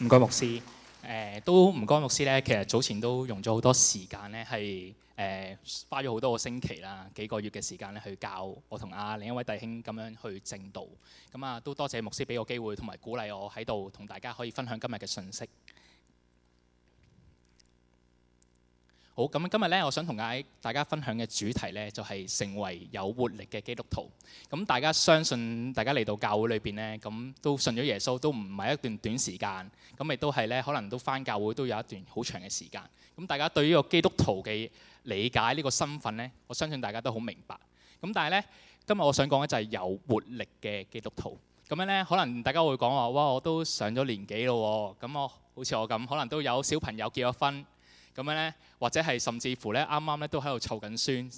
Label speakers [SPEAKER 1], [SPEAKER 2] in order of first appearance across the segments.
[SPEAKER 1] 唔該牧師，誒、呃、都唔該牧師咧。其實早前都用咗好多時間咧，係誒、呃、花咗好多個星期啦、幾個月嘅時間咧，去教我同阿、啊、另一位弟兄咁樣去正道。咁、嗯、啊，都多謝牧師俾個機會同埋鼓勵我喺度同大家可以分享今日嘅信息。好，咁今日咧，我想同大家大家分享嘅主題咧，就係成為有活力嘅基督徒。咁大家相信，大家嚟到教會裏邊咧，咁都信咗耶穌，都唔係一段短時間，咁亦都係咧，可能都返教會都有一段好長嘅時間。咁大家對於呢個基督徒嘅理解呢個身份咧，我相信大家都好明白。咁但係咧，今日我想講嘅就係有活力嘅基督徒。咁樣咧，可能大家會講話，哇！我都上咗年紀咯，咁我好似我咁，可能都有小朋友結咗婚。咁樣咧，或者係甚至乎咧，啱啱咧都喺度湊緊孫，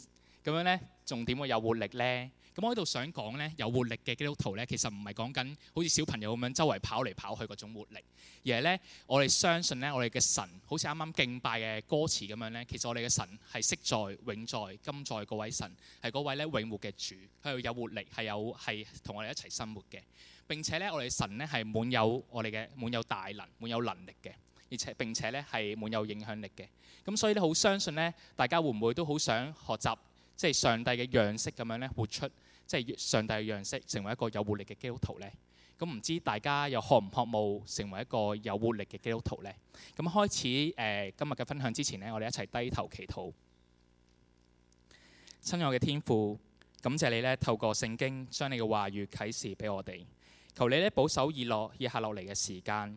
[SPEAKER 1] 咁樣咧，仲點會有活力咧？咁我喺度想講咧，有活力嘅基督徒咧，其實唔係講緊好似小朋友咁樣周圍跑嚟跑去嗰種活力，而係咧，我哋相信咧，我哋嘅神好似啱啱敬拜嘅歌詞咁樣咧，其實我哋嘅神係昔在、永在、今在嗰位神，係嗰位咧永活嘅主，佢又有活力，係有係同我哋一齊生活嘅。並且咧，我哋神咧係滿有我哋嘅滿有大能、滿有能力嘅。而且並且咧係滿有影響力嘅，咁所以咧好相信呢，大家會唔會都好想學習即係上帝嘅樣式咁樣咧，活出即係、就是、上帝嘅樣式，成為一個有活力嘅基督徒呢？咁唔知大家又渴唔渴慕成為一個有活力嘅基督徒呢？咁開始誒、呃，今日嘅分享之前呢，我哋一齊低頭祈禱。親愛嘅天父，感謝你呢透過聖經將你嘅話語啟示俾我哋，求你呢保守以下以下落嚟嘅時間。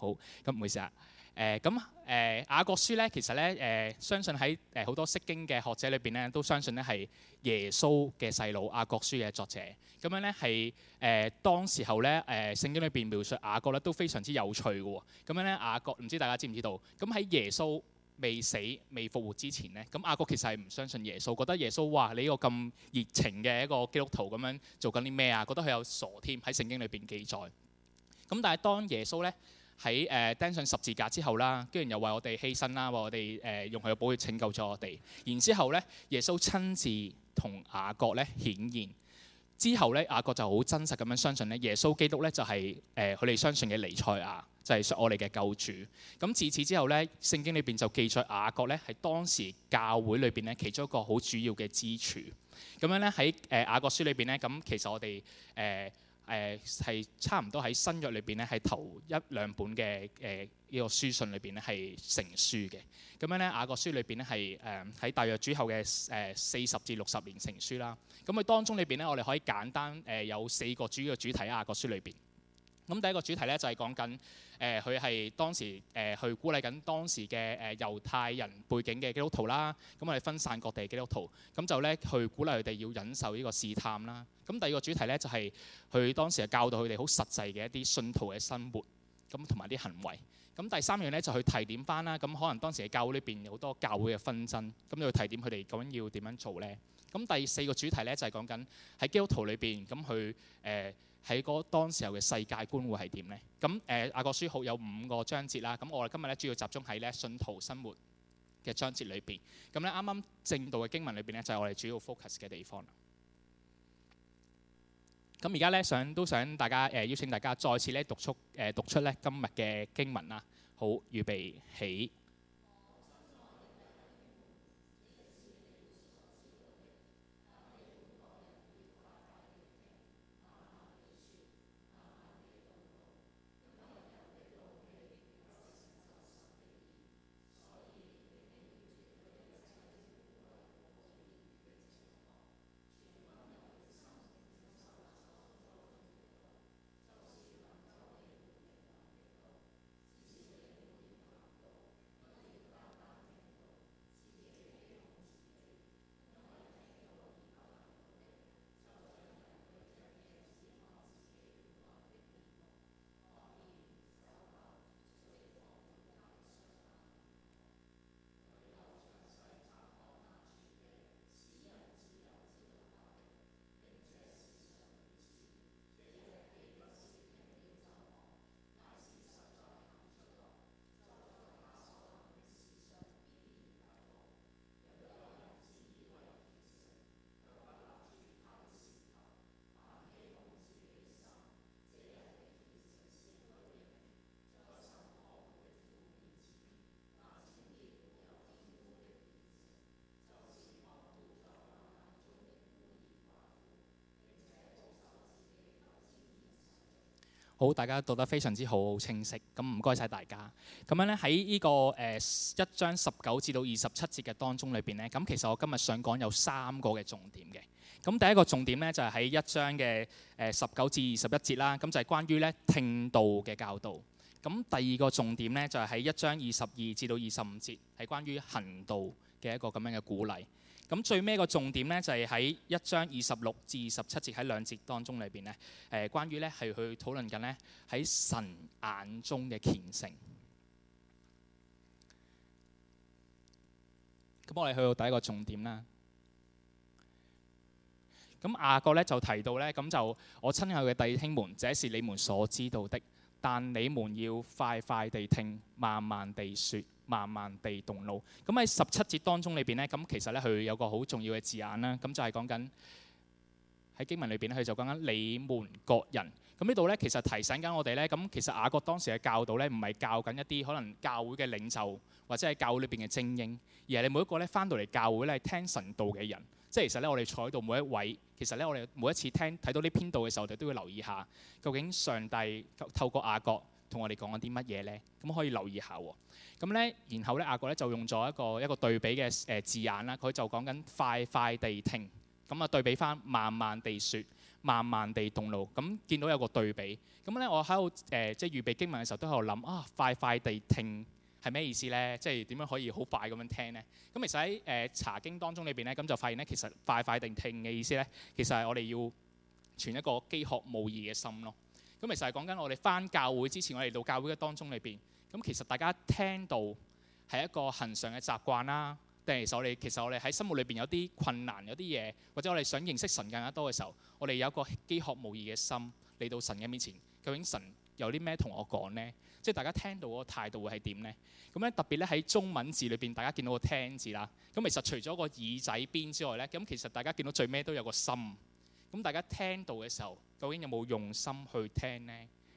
[SPEAKER 1] 好咁，唔好意思啊。誒咁誒，雅、呃、各書咧，其實咧誒、呃，相信喺誒好多釋經嘅學者裏邊咧，都相信咧係耶穌嘅細佬雅各書嘅作者。咁樣咧係誒當時候咧誒、呃、聖經裏邊描述雅各咧都非常之有趣嘅喎、哦。咁樣咧雅各唔知大家知唔知道？咁、嗯、喺耶穌未死未復活之前咧，咁雅各其實係唔相信耶穌，覺得耶穌話你呢個咁熱情嘅一個基督徒咁樣做緊啲咩啊？覺得佢有傻添，喺聖經裏邊記載。咁但係當耶穌咧。喺誒釘上十字架之後啦，跟住又為我哋犧牲啦，為我哋誒用佢嘅寶血拯救咗我哋。然之後咧，耶穌親自同雅各咧顯現，之後咧雅各就好真實咁樣相信咧，耶穌基督咧就係誒佢哋相信嘅尼賽亞，就係、是、我哋嘅救主。咁自此之後咧，聖經裏邊就記載雅各咧係當時教會裏邊咧其中一個好主要嘅支柱。咁樣咧喺誒雅各書裏邊咧，咁其實我哋誒。呃誒係、呃、差唔多喺新約裏邊咧，係頭一兩本嘅誒呢個書信裏邊咧係成書嘅。咁樣咧雅各書裏邊咧係誒喺大約主後嘅誒四十至六十年成書啦。咁、嗯、佢當中裏邊咧，我哋可以簡單誒、呃、有四個主要嘅主題喺雅各書裏邊。咁第一個主題咧就係講緊，誒佢係當時誒去、呃、鼓勵緊當時嘅誒猶太人背景嘅基督徒啦，咁我哋分散各地基督徒，咁就咧去鼓勵佢哋要忍受呢個試探啦。咁第二個主題咧就係、是、佢當時係教導佢哋好實際嘅一啲信徒嘅生活，咁同埋啲行為。咁第三樣咧就去提點返啦，咁可能當時嘅教會裏邊有好多教會嘅紛爭，咁要提點佢哋咁樣要點樣做咧。咁第四個主題咧就係講緊喺基督徒裏邊咁去誒。喺嗰當時候嘅世界觀會係點呢？咁誒《雅各書》好有五個章節啦。咁我哋今日咧主要集中喺咧信徒生活嘅章節裏邊。咁咧啱啱正道嘅經文裏邊咧就係我哋主要 focus 嘅地方。咁而家咧想都想大家誒、呃、邀請大家再次咧讀出誒、呃、讀出咧今日嘅經文啦。好，預備起。好，大家讀得非常之好清晰，咁唔該晒大家。咁樣咧喺呢、這個誒、呃、一章十九至到二十七節嘅當中裏邊呢，咁其實我今日想講有三個嘅重點嘅。咁第一個重點呢，就係、是、喺一章嘅誒十九至二十一節啦，咁就係、是、關於咧聽道嘅教導。咁第二個重點呢，就係、是、喺一章二十二至到二十五節，係關於行道嘅一個咁樣嘅鼓勵。咁最尾個重點呢，就係、是、喺一章二十六至二十七節喺兩節當中裏邊、呃、呢，誒關於呢係去討論緊呢喺神眼中嘅虔誠。咁我哋去到第一個重點啦。咁雅各呢，就提到呢，咁就我親愛嘅弟兄們，這是你們所知道的，但你們要快快地聽，慢慢地説。慢慢地動怒。咁喺十七節當中裏邊呢，咁其實呢，佢有個好重要嘅字眼啦。咁就係講緊喺經文裏邊咧，佢就講緊你們各人。咁呢度呢，其實提醒緊我哋呢。咁其實雅各當時嘅教導呢，唔係教緊一啲可能教會嘅領袖或者係教會裏邊嘅精英，而係你每一個呢翻到嚟教會咧係聽神道嘅人。即係其實呢，我哋坐喺度每一位，其實呢，我哋每一次聽睇到呢篇道嘅時候，我哋都會留意下，究竟上帝透過雅各。同我哋講緊啲乜嘢呢？咁可以留意下喎。咁呢，然後呢，雅各咧就用咗一個一個對比嘅誒、呃、字眼啦。佢就講緊快快地聽，咁啊對比翻慢慢地説，慢慢地動怒。咁見到有個對比。咁呢，我喺度誒即係預備經文嘅時候，都喺度諗啊，快快地聽係咩意思呢？即係點樣可以好快咁樣聽呢？咁其實喺誒、呃、查經當中裏邊呢，咁就發現呢，其實快快地聽嘅意思呢，其實係我哋要存一個饑渴慕義嘅心咯。咁其實就係講緊我哋翻教會之前，我哋到教會嘅當中裏邊，咁其實大家聽到係一個恒常嘅習慣啦，定係其實，我哋其實我哋喺心目裏邊有啲困難，有啲嘢，或者我哋想認識神更加多嘅時候，我哋有一個饑渴慕義嘅心嚟到神嘅面前，究竟神有啲咩同我講呢？即係大家聽到個態度會係點呢？咁咧特別咧喺中文字裏邊，大家見到個聽字啦。咁其實除咗個耳仔邊之外呢，咁其實大家見到最尾都有個心。咁大家聽到嘅時候，究竟有冇用心去聽呢？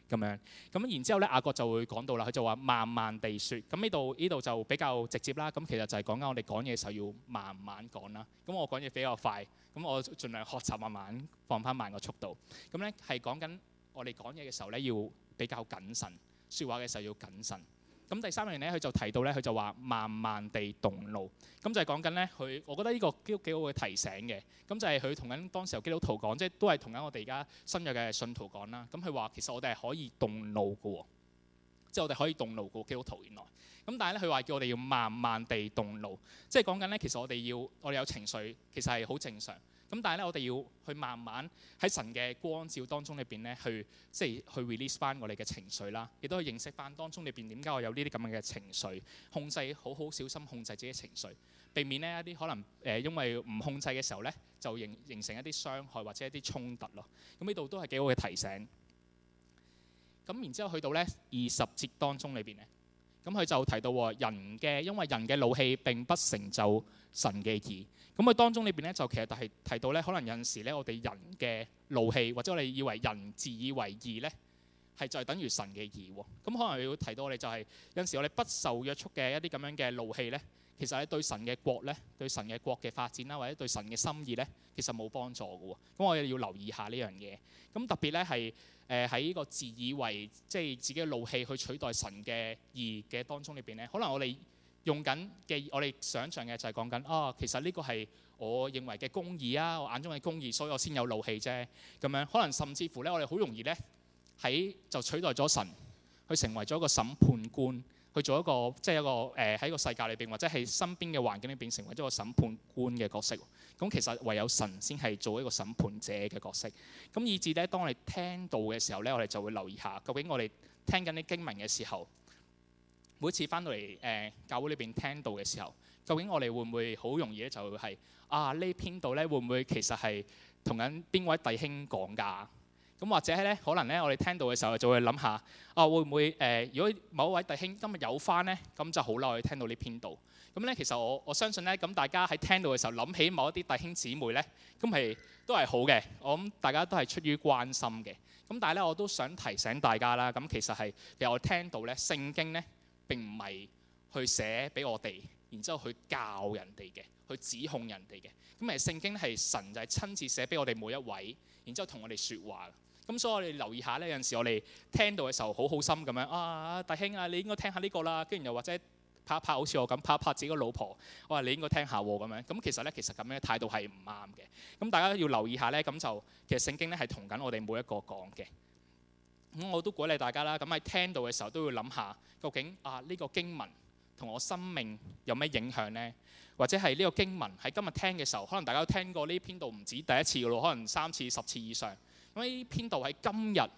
[SPEAKER 1] 咁樣咁然之後呢，雅各就會講到啦。佢就話慢慢地説。咁呢度呢度就比較直接啦。咁其實就係講緊我哋講嘢時候要慢慢講啦。咁我講嘢比較快，咁我盡量學習慢慢放翻慢個速度。咁呢係講緊我哋講嘢嘅時候呢，要比較謹慎，説話嘅時候要謹慎。咁第三樣嘢咧，佢就提到咧，佢就話慢慢地動怒，咁就係講緊咧，佢我覺得呢個都幾好嘅提醒嘅，咁就係佢同緊當時嘅基督徒講，即係都係同緊我哋而家新約嘅信徒講啦。咁佢話其實我哋係可以動怒㗎，即係我哋可以動怒個基督徒原來。咁但係咧，佢話叫我哋要慢慢地動怒，即係講緊咧，其實我哋要我哋有情緒，其實係好正常。咁但係咧，我哋要去慢慢喺神嘅光照當中裏邊咧，就是、去即係去 release 翻我哋嘅情緒啦，亦都去認識翻當中裏邊點解我有呢啲咁樣嘅情緒，控制好，好小心控制自己嘅情緒，避免呢一啲可能誒因為唔控制嘅時候咧，就形形成一啲傷害或者一啲衝突咯。咁呢度都係幾好嘅提醒。咁然之後去到咧二十節當中裏邊咧。咁佢就提到人嘅，因為人嘅怒氣並不成就神嘅義。咁佢當中呢邊咧就其實就係提到咧，可能有陣時咧我哋人嘅怒氣，或者我哋以為人自以為義咧，係就係等於神嘅義喎。咁可能要提到我哋就係有陣時我哋不受約束嘅一啲咁樣嘅怒氣咧。其實咧對神嘅國咧，對神嘅國嘅發展啦，或者對神嘅心意咧，其實冇幫助嘅喎。咁我哋要留意下呢樣嘢。咁特別咧係誒喺呢個自以為即係自己嘅怒氣去取代神嘅義嘅當中裏邊咧，可能我哋用緊嘅我哋想象嘅就係講緊啊，其實呢個係我認為嘅公義啊，我眼中嘅公義，所以我先有怒氣啫。咁樣可能甚至乎咧，我哋好容易咧喺就取代咗神，去成為咗一個審判官。去做一個即係、就是、一個誒喺、呃、一個世界裏邊，或者係身邊嘅環境裏邊，成為一個審判官嘅角色。咁其實唯有神先係做一個審判者嘅角色。咁以至咧，當我哋聽到嘅時候咧，我哋就會留意下，究竟我哋聽緊啲經文嘅時候，每次翻到嚟誒、呃、教會裏邊聽到嘅時候，究竟我哋會唔會好容易咧就會係啊呢篇道咧，會唔會其實係同緊邊位弟兄講噶？咁或者係咧，可能咧，我哋聽到嘅時候就會諗下啊，會唔會誒？如果某一位弟兄今日有翻咧，咁就好喇去聽到呢篇道。咁咧，其實我我相信咧，咁大家喺聽到嘅時候諗起某一啲弟兄姊妹咧，咁係都係好嘅。我諗大家都係出於關心嘅。咁但係咧，我都想提醒大家啦。咁其實係其實我聽到咧，聖經咧並唔係去寫俾我哋，然之後去教人哋嘅，去指控人哋嘅。咁其實聖經係神就係親自寫俾我哋每一位，然之後同我哋說話。咁、嗯、所以我哋留意下呢，有陣時我哋聽到嘅時候，好好心咁樣啊，大兄啊，你應該聽下呢個啦。跟住又或者拍一拍，好似我咁拍一拍自己嘅老婆，我話你應該聽下咁樣。咁其實呢，其實咁樣嘅態度係唔啱嘅。咁大家要留意下呢。咁就其實聖經呢係同緊我哋每一個講嘅。咁我都鼓勵大家啦，咁喺聽到嘅時候都要諗下，究竟啊呢個經文同我生命有咩影響呢？或者係呢個經文喺今日聽嘅時候，可能大家都聽過呢篇道唔止第一次嘅咯，可能三次、十次以上。咁呢篇道喺今日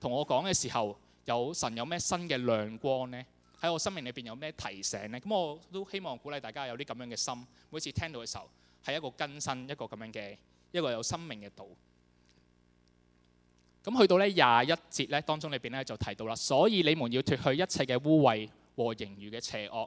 [SPEAKER 1] 同我講嘅時候，有神有咩新嘅亮光呢？喺我生命裏邊有咩提醒呢？咁我都希望鼓勵大家有啲咁樣嘅心。每次聽到嘅時候，係一個更新，一個咁樣嘅一個有生命嘅道。咁去到呢廿一節呢，當中裏邊呢就提到啦，所以你們要脫去一切嘅污穢和盈餘嘅邪惡。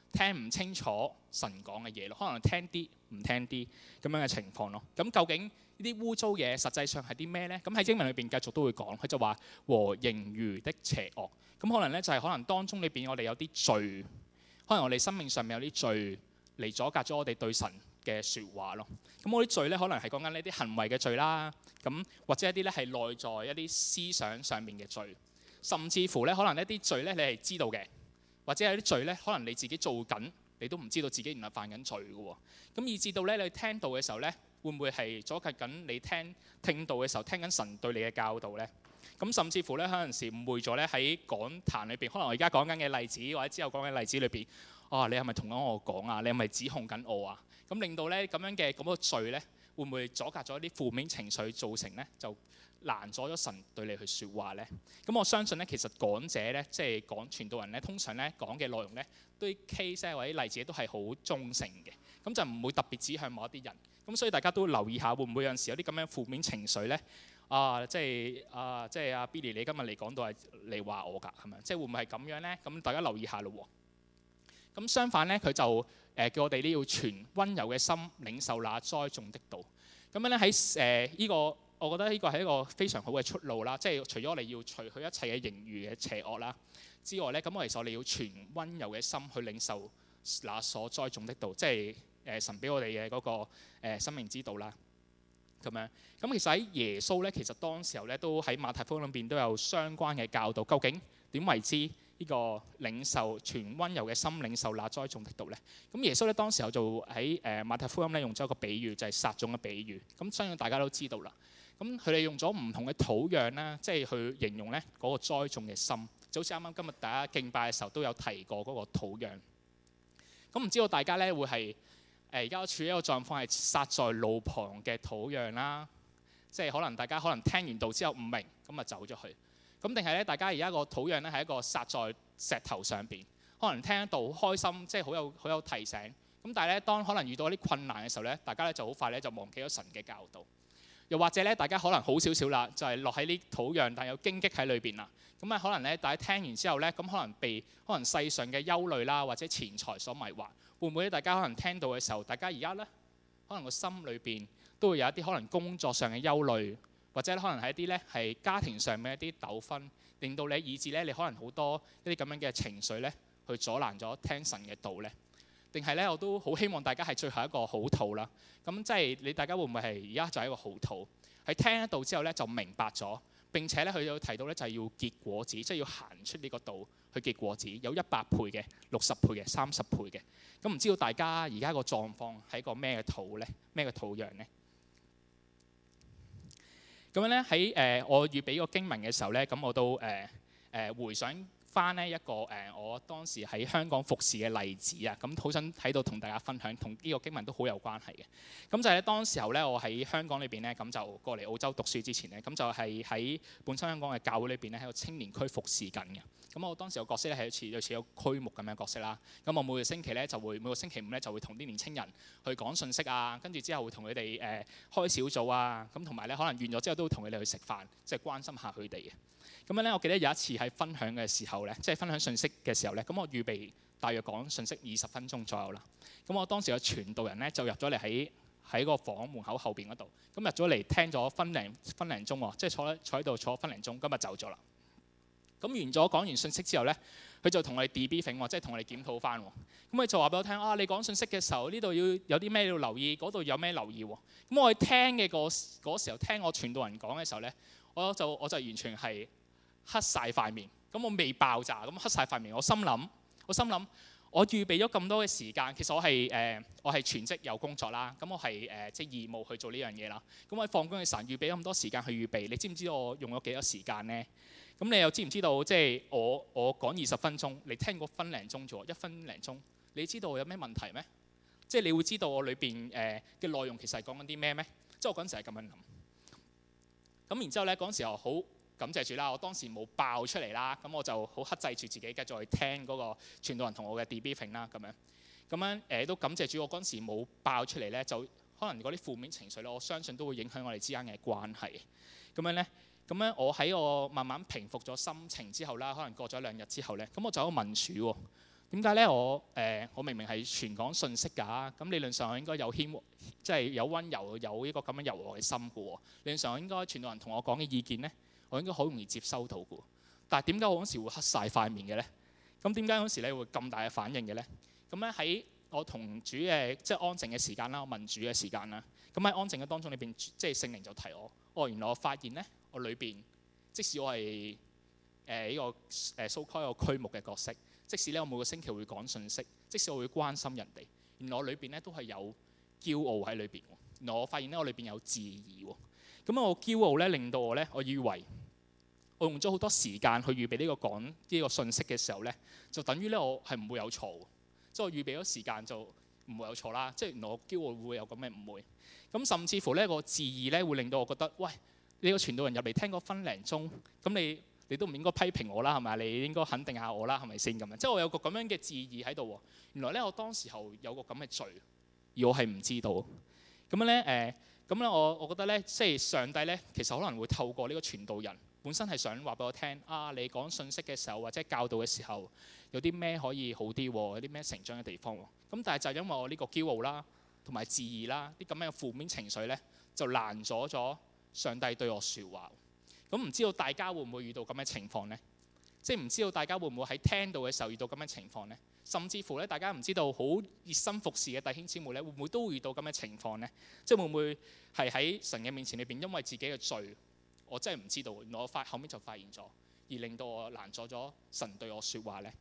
[SPEAKER 1] 聽唔清楚神講嘅嘢咯，可能聽啲唔聽啲咁樣嘅情況咯。咁、嗯、究竟呢啲污糟嘢實際上係啲咩呢？咁喺經文裏邊繼續都會講，佢就話和盈餘的邪惡。咁、嗯、可能呢，就係、是、可能當中裏邊我哋有啲罪，可能我哋生命上面有啲罪嚟阻隔咗我哋對神嘅説話咯。咁我啲罪呢，可能係講緊呢啲行為嘅罪啦，咁、嗯、或者一啲呢係內在一啲思想上面嘅罪，甚至乎呢，可能一啲罪呢，你係知道嘅。或者有啲罪呢，可能你自己做緊，你都唔知道自己原來犯緊罪嘅喎。咁以至到呢，你聽到嘅時候呢，會唔會係阻隔緊你聽聽到嘅時候，聽緊神對你嘅教導呢？咁甚至乎呢，有陣時誤會咗呢，喺講壇裏邊，可能我而家講緊嘅例子，或者之後講嘅例子裏邊，啊，你係咪同緊我講啊？你係咪指控緊我啊？咁令到呢，咁樣嘅咁個罪呢。會唔會阻隔咗一啲負面情緒造成呢，就難阻咗神對你去説話呢？咁我相信呢，其實講者呢，即係講傳道人呢，通常呢講嘅內容呢，對 case 或者例子都係好中性嘅，咁就唔會特別指向某一啲人。咁所以大家都留意下，會唔會有陣時有啲咁樣負面情緒呢？啊，即係啊，即係阿 Billy，你今日嚟講道係嚟話我㗎，係咪？即係會唔會係咁樣呢？咁大家留意下咯喎。咁相反咧，佢就誒叫我哋咧要存溫柔嘅心，領受那栽種的道。咁樣咧喺誒依個，我覺得依個係一個非常好嘅出路啦。即係除咗我哋要除去一切嘅盈餘嘅邪惡啦之外咧，咁我其實我哋要存溫柔嘅心去領受那所栽種的道，即係誒神俾我哋嘅嗰個誒生命之道啦。咁樣，咁其實喺耶穌咧，其實當時候咧都喺馬太福音入邊都有相關嘅教導。究竟點為之？呢個領受全温柔嘅心，領受那栽種的道咧，咁耶穌咧當時候就喺誒馬太福音咧用咗一個比喻，就係撒種嘅比喻。咁相信大家都知道啦。咁佢哋用咗唔同嘅土壤啦，即係去形容咧嗰個栽種嘅心。就好似啱啱今日大家敬拜嘅時候都有提過嗰個土壤。咁唔知道大家咧會係誒而家處於一個狀況係撒在路旁嘅土壤啦，即係可能大家可能聽完道之後唔明，咁啊走咗去。咁定係咧？大家而家個土壤咧係一個撒在石頭上邊，可能聽到好開心，即係好有好有提醒。咁但係咧，當可能遇到一啲困難嘅時候咧，大家咧就好快咧就忘記咗神嘅教導。又或者咧，大家可能好少少啦，就係、是、落喺啲土壤，但係有荊棘喺裏邊啦。咁啊，可能咧，大家聽完之後咧，咁可能被可能世上嘅憂慮啦，或者錢財所迷惑，會唔會大家可能聽到嘅時候，大家而家咧，可能個心裏邊都會有一啲可能工作上嘅憂慮。或者可能喺一啲咧係家庭上面一啲糾紛，令到你以致咧你可能好多一啲咁樣嘅情緒咧，去阻攔咗聽神嘅道咧。定係咧我都好希望大家係最後一個好土啦。咁即係你大家會唔會係而家就係一個好土？係聽咗道之後咧就明白咗，並且咧佢有提到咧就係要結果子，即係要行出呢個道去結果子，有一百倍嘅、六十倍嘅、三十倍嘅。咁唔知道大家而家個狀況係一個咩嘅土咧？咩嘅土壤咧？咁樣咧喺誒我預備個經文嘅時候咧，咁我都誒誒、呃呃、回想翻呢一個誒、呃、我當時喺香港服侍嘅例子啊，咁好想喺度同大家分享，同呢個經文都好有關係嘅。咁就係咧當時候咧我喺香港裏邊咧，咁就過嚟澳洲讀書之前咧，咁就係喺本身香港嘅教會裏邊咧喺個青年區服侍緊嘅。咁我當時個角色咧係好似類似一個區牧咁樣角色啦。咁我每個星期咧就會每個星期五咧就會同啲年青人去講信息啊，跟住之後會同佢哋誒開小組啊，咁同埋咧可能完咗之後都會同佢哋去食飯，即係關心下佢哋嘅。咁樣咧，我記得有一次喺分享嘅時候咧，即係分享信息嘅時候咧，咁我預備大約講信息二十分鐘左右啦。咁我當時嘅傳道人咧就入咗嚟喺喺個房門口後邊嗰度，咁入咗嚟聽咗分零分零鐘喎，即係坐喺坐喺度坐分零鐘，今日走咗啦。咁完咗講完信息之後呢，佢就同我哋 b b f i n g 喎，即係同我哋檢討翻喎。咁佢就話俾我聽啊，你講信息嘅時候，呢度要有啲咩要留意，嗰度有咩留意喎。咁、嗯、我聽嘅、那個嗰時候聽我傳道人講嘅時候呢，我就我就完全係黑晒塊面。咁我未爆炸，咁黑晒塊面，我心諗，我心諗，我預備咗咁多嘅時間，其實我係誒、呃、我係全職有工作啦。咁我係誒即係義務去做呢樣嘢啦。咁我放工嘅時候預備咁多時間去預備，你知唔知我用咗幾多時間呢？咁你又知唔知道？即係我我講二十分鐘，你聽過分零鐘啫喎，一分零鐘。你知道我有咩問題咩？即係你會知道我裏邊誒嘅內容其實係講緊啲咩咩？即係我嗰陣時係咁樣諗。咁然之後咧，嗰時候好感謝主啦，我當時冇爆出嚟啦。咁我就好克制住自己繼續去聽嗰個傳道人同我嘅 debating 啦，咁樣。咁樣誒，呃，都感謝主我嗰陣時冇爆出嚟咧，就可能嗰啲負面情緒咧，我相信都會影響我哋之間嘅關係。咁樣咧。咁咧，我喺我慢慢平復咗心情之後啦，可能過咗兩日之後咧，咁我就有問主喎。點解咧？我誒我明明係傳講信息㗎，咁理論上我應該有謙即係有溫柔，有依個咁樣柔和嘅心嘅喎。理論上我應該傳到人同我講嘅意見咧，我應該好容易接收到嘅。但係點解我嗰時會黑曬塊面嘅咧？咁點解嗰時咧會咁大嘅反應嘅咧？咁咧喺我同主嘅即係安靜嘅時間啦，我問主嘅時間啦，咁喺安靜嘅當中裏邊，即係聖靈就提我，哦，原來我發現咧。我裏邊，即使我係誒呢個誒 so-called 個區目嘅角色，即使咧我每個星期會講信息，即使我會關心人哋，原來我裏邊咧都係有驕傲喺裏邊。原來我發現咧，我裏邊有自以為，咁我驕傲咧，令到我咧，我以為我用咗好多時間去預備呢個講呢個信息嘅時候咧，就等於咧我係唔會有錯。即係我預備咗時間就唔會有錯啦。即係原來我驕傲會有咁嘅誤會。咁甚至乎呢個自以為咧會令到我覺得，喂～呢個傳道人入嚟聽個分零鐘，咁你你都唔應該批評我啦，係咪？你應該肯定下我啦，係咪先咁樣？即係我有個咁樣嘅質疑喺度喎。原來咧，我當時候有個咁嘅罪，而我係唔知道。咁樣咧，誒、呃，咁咧，我我覺得咧，即係上帝咧，其實可能會透過呢個傳道人本身係想話俾我聽啊，你講信息嘅時候或者教導嘅時候有啲咩可以好啲，有啲咩成長嘅地方。咁但係就因為我呢個驕傲啦，同埋質疑啦，啲咁樣嘅負面情緒咧，就攔阻咗。上帝對我説話，咁唔知道大家會唔會遇到咁嘅情況呢？即係唔知道大家會唔會喺聽道嘅時候遇到咁嘅情況呢？甚至乎咧，大家唔知道好熱心服侍嘅弟兄姊妹咧，會唔會都遇到咁嘅情況呢？即係會唔會係喺神嘅面前裏邊，因為自己嘅罪，我真係唔知道。我發後面就發現咗，而令到我攔阻咗神對我説話呢。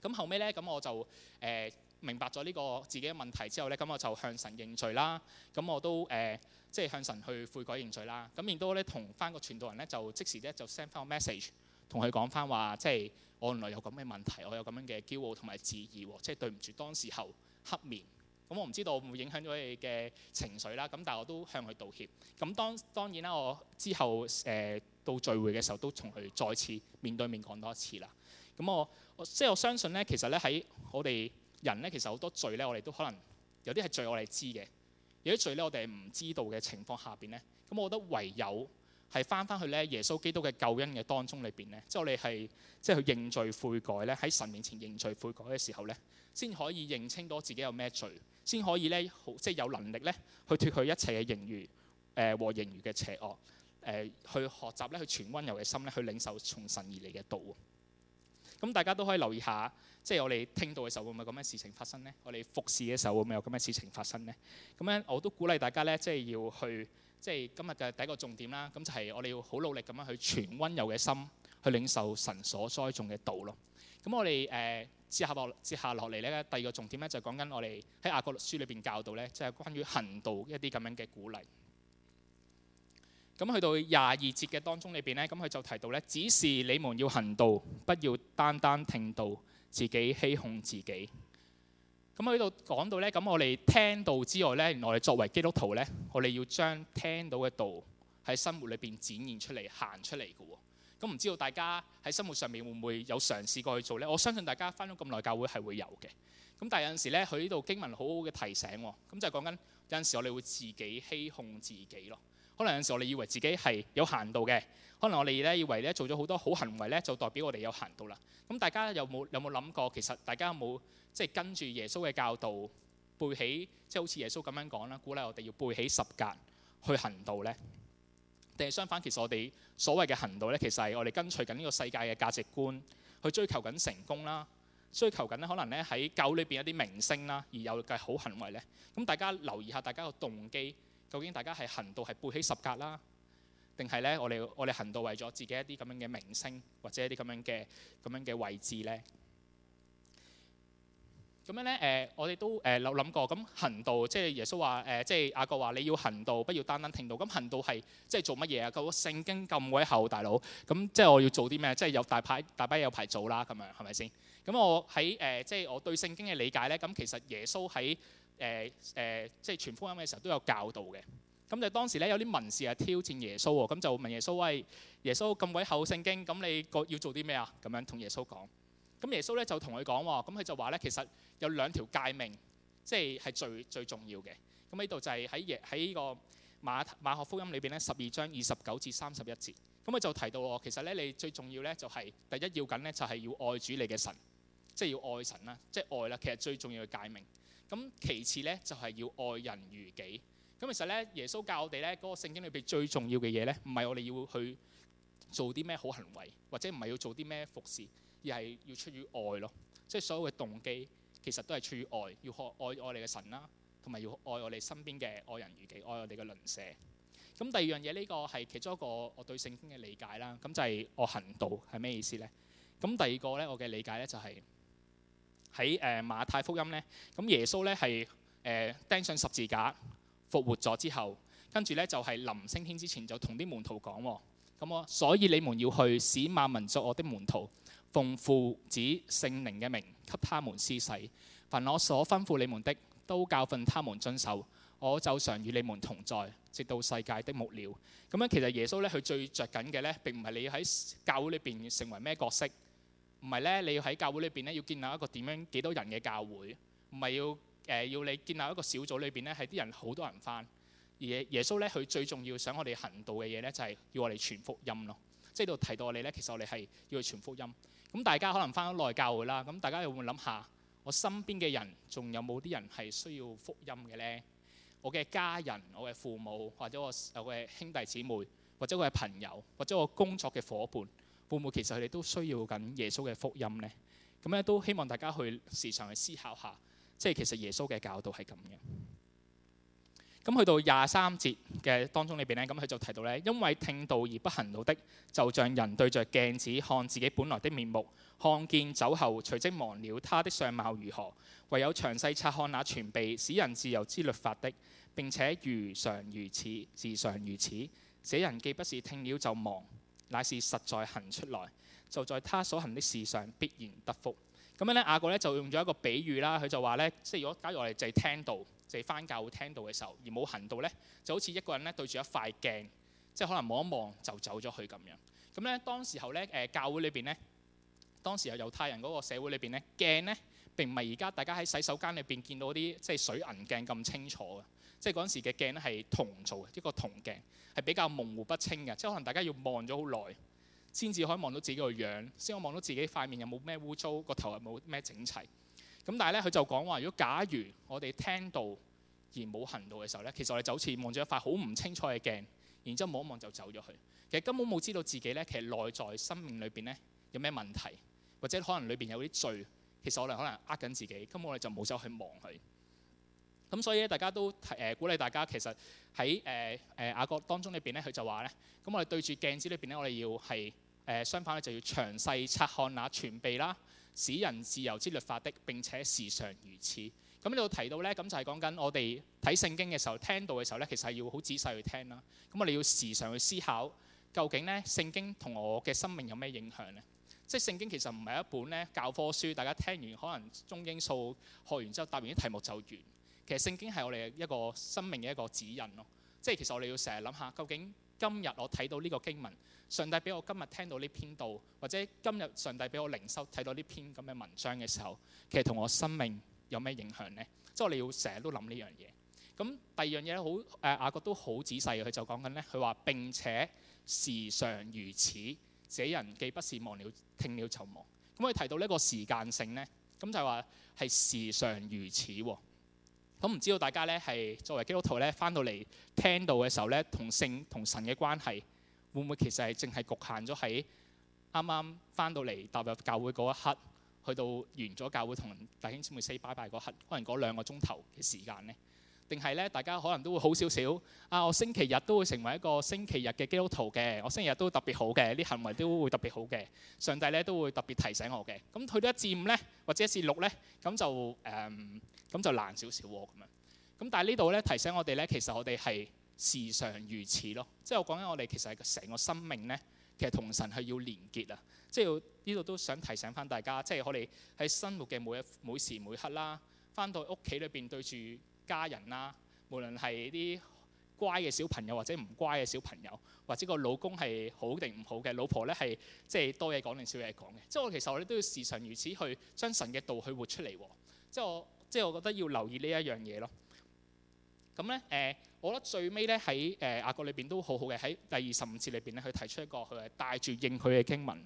[SPEAKER 1] 咁後尾呢，咁我就誒、呃、明白咗呢個自己嘅問題之後呢，咁我就向神認罪啦。咁我都誒。呃即係向神去悔改認罪啦，咁亦都咧同翻個傳道人咧就即時咧就 send 翻個 message 同佢講翻話，即係我原來有咁嘅問題，我有咁樣嘅驕傲同埋自以為，即係對唔住當時候黑面。咁我唔知道會唔會影響咗你嘅情緒啦。咁但係我都向佢道歉。咁當當然啦，我之後誒、呃、到聚會嘅時候都同佢再次面對面講多一次啦。咁我我即係我相信咧，其實咧喺我哋人咧，其實好多罪咧，我哋都可能有啲係罪我，我哋知嘅。有啲罪咧，我哋唔知道嘅情況下邊咧，咁我覺得唯有係翻翻去咧耶穌基督嘅救恩嘅當中裏邊咧，即係我哋係即係去認罪悔改咧，喺神面前認罪悔改嘅時候咧，先可以認清楚自己有咩罪，先可以咧好即係有能力咧去脱去一切嘅盈餘誒和盈餘嘅邪惡誒，去學習咧去存温柔嘅心咧，去領受從神而嚟嘅道喎。咁大家都可以留意下。即係我哋聽到嘅時候，會唔會咁樣事情發生呢？我哋服侍嘅時候，會唔會有咁樣事情發生呢？咁樣我都鼓勵大家咧，即係要去，即係今日嘅第一個重點啦。咁就係我哋要好努力咁樣去存温柔嘅心，去領受神所栽種嘅道咯。咁我哋誒、呃、接下落接下落嚟咧，第二個重點咧就講緊我哋喺雅各書裏邊教導咧，即係關於行道一啲咁樣嘅鼓勵。咁去到廿二節嘅當中裏邊咧，咁佢就提到咧，只是你們要行道，不要單單聽道。」自己欺哄自己。咁喺度講到呢，咁我哋聽到之外呢，原來我哋作為基督徒呢，我哋要將聽到嘅道喺生活裏邊展現出嚟、行出嚟嘅喎。咁唔知道大家喺生活上面會唔會有嘗試過去做呢？我相信大家翻咗咁耐教會係會有嘅。咁但係有陣時呢，佢呢度經文好好嘅提醒、哦，咁就講緊有陣時我哋會自己欺哄自己咯。可能有陣時我哋以為自己係有行道嘅，可能我哋咧以為咧做咗好多好行為咧，就代表我哋有行道啦。咁大家有冇有冇諗過，其實大家有冇即係跟住耶穌嘅教導背起，即係好似耶穌咁樣講啦，鼓勵我哋要背起十架去行道咧？定係相反，其實我哋所謂嘅行道咧，其實係我哋跟隨緊呢個世界嘅價值觀，去追求緊成功啦，追求緊可能咧喺教裏邊一啲明星啦而有嘅好行為咧。咁大家留意下，大家個動機。究竟大家係行道係背起十架啦，定係咧我哋我哋行道為咗自己一啲咁樣嘅名聲或者一啲咁樣嘅咁樣嘅位置咧？咁樣咧誒，我哋都誒諗諗過，咁行道即係耶穌話誒，即係雅各話你要行道，不要單單聽道。咁行道係即係做乜嘢啊？個聖經咁鬼厚，大佬咁即係我要做啲咩？即係有大排大排嘢有排做啦，咁樣係咪先？咁我喺誒即係我對聖經嘅理解咧，咁其實耶穌喺。誒誒、呃呃，即係傳福音嘅時候都有教導嘅。咁就當時咧有啲文士啊挑戰耶穌喎，咁就問耶穌：喂，耶穌咁鬼厚聖經，咁你個要做啲咩啊？咁樣同耶穌講。咁耶穌咧就同佢講喎，咁、哦、佢就話咧其實有兩條誡命，即係係最最重要嘅。咁呢度就係喺耶喺呢個馬馬可福音裏邊咧十二章二十九至三十一節，咁佢就提到喎，其實咧你最重要咧就係、是、第一要緊咧就係要愛主你嘅神，即、就、係、是、要愛神啦，即、就、係、是、愛啦。其實最重要嘅誡命。咁其次咧，就係要愛人如己。咁其實咧，耶穌教我哋咧，嗰個聖經裏邊最重要嘅嘢咧，唔係我哋要去做啲咩好行為，或者唔係要做啲咩服侍，而係要出於愛咯。即係所有嘅動機，其實都係出於愛，要愛愛你嘅神啦，同埋要愛我哋身邊嘅愛人如己，愛我哋嘅鄰舍。咁第二樣嘢，呢個係其中一個我對聖經嘅理解啦。咁就係我行道係咩意思咧？咁第二個咧，我嘅理解咧就係。喺誒、呃、馬太福音呢，咁耶穌呢係誒釘上十字架，復活咗之後，跟住呢就係、是、臨升天之前就同啲門徒講喎，咁、哦、我所以你們要去使萬民作我的門徒，奉父子聖靈嘅名給他們施洗，凡我所吩咐你們的都教訓他們遵守，我就常與你們同在，直到世界的末了。咁、嗯、樣其實耶穌呢，佢最着緊嘅呢，並唔係你喺教會裏邊成為咩角色。唔係咧，你要喺教會裏邊咧，要建立一個點樣幾多人嘅教會？唔係要誒、呃，要你建立一個小組裏邊咧，係啲人好多人翻。而耶穌咧，佢最重要想我哋行道嘅嘢咧，就係要我哋傳福音咯。即係度提到我哋咧，其實我哋係要去傳福音。咁大家可能翻咗內教會啦，咁大家有冇諗下，我身邊嘅人仲有冇啲人係需要福音嘅咧？我嘅家人、我嘅父母或者我嘅兄弟姊妹，或者我嘅朋友或者我工作嘅伙伴。會唔會其實佢哋都需要緊耶穌嘅福音呢？咁咧都希望大家去時常去思考下，即係其實耶穌嘅教導係咁嘅。咁去到廿三節嘅當中裏邊呢，咁佢就提到呢：「因為聽道而不行道的，就像人對着鏡子看自己本來的面目，看見走後，隨即忘了他的相貌如何。唯有詳細察看那全備使人自由之律法的，並且如常如此，自常如此，這人既不是聽了就忘。乃是實在行出來，就在他所行的事上必然得福。咁樣咧，雅各咧就用咗一個比喻啦，佢就話咧，即係如果假如我哋就係聽到，就係翻教會聽到嘅時候，而冇行到咧，就好似一個人咧對住一塊鏡，即係可能望一望就走咗去咁樣。咁咧，當時候咧，誒教會裏邊咧，當時嘅猶太人嗰個社會裏邊咧，鏡咧並唔係而家大家喺洗手間裏邊見到啲即係水銀鏡咁清楚嘅。即係嗰陣時嘅鏡咧係銅做嘅，一個銅鏡係比較模糊不清嘅，即係可能大家要望咗好耐先至可以望到自己個樣，先可以望到自己塊面有冇咩污糟，個頭有冇咩整齊。咁但係咧，佢就講話，如果假如我哋聽到而冇行到嘅時候咧，其實我哋就好似望住一塊好唔清楚嘅鏡，然之後望一望就走咗去。其實根本冇知道自己咧，其實內在生命裏邊咧有咩問題，或者可能裏邊有啲罪，其實我哋可能呃緊自己，根本我哋就冇走去望佢。咁、嗯、所以咧，大家都提、呃、鼓勵大家其實喺誒誒亞國當中裏邊咧，佢就話咧。咁我哋對住鏡子裏邊咧，我哋要係誒、呃、相反咧，就要詳細察看那全備啦，使人自由之律法的，並且時常如此。咁呢度提到咧，咁就係講緊我哋睇聖經嘅時候，聽到嘅時候咧，其實係要好仔細去聽啦。咁我哋要時常去思考，究竟咧聖經同我嘅生命有咩影響咧？即係聖經其實唔係一本咧教科書，大家聽完可能中英數學完之後答完啲題目就完。其實聖經係我哋一個生命嘅一個指引咯，即係其實我哋要成日諗下，究竟今日我睇到呢個經文，上帝俾我今日聽到呢篇道，或者今日上帝俾我靈修睇到呢篇咁嘅文章嘅時候，其實同我生命有咩影響呢？即係我哋要成日都諗呢樣嘢。咁第二樣嘢好誒，雅各都好仔細，佢就講緊呢。佢話並且時常如此，這人既不是忘了聽了就忘。咁佢提到呢個時間性呢，咁就係話係時常如此喎。咁唔知道大家呢，係作為基督徒呢，翻到嚟聽到嘅時候呢，同聖同神嘅關係，會唔會其實係淨係局限咗喺啱啱翻到嚟踏入教會嗰一刻，去到完咗教會同弟兄姊妹 say bye bye 嗰刻，可能嗰兩個鐘頭嘅時間呢？定係咧，大家可能都會好少少。啊，我星期日都會成為一個星期日嘅基督徒嘅，我星期日都特別好嘅，呢行為都會特別好嘅，上帝咧都會特別提醒我嘅。咁、嗯、去到一至五咧，或者一至六咧，咁就誒，咁、嗯、就難少少喎咁樣。咁、嗯、但係呢度咧提醒我哋咧，其實我哋係時常如此咯。即、就、係、是、我講緊我哋其實係成個生命咧，其實同神係要連結啊。即係呢度都想提醒翻大家，即、就、係、是、我哋喺生活嘅每一每時每刻啦，翻到屋企裏邊對住。家人啦，無論係啲乖嘅小朋友或者唔乖嘅小朋友，或者個老公係好定唔好嘅，老婆咧係即係多嘢講定少嘢講嘅。即係我其實我哋都要時常如此去將神嘅道去活出嚟。即係我即係我覺得要留意呢一樣嘢咯。咁咧誒，我覺得最尾咧喺誒雅各裏邊都好好嘅，喺第二十五節裏邊咧，佢提出一個佢帶住應許嘅經文。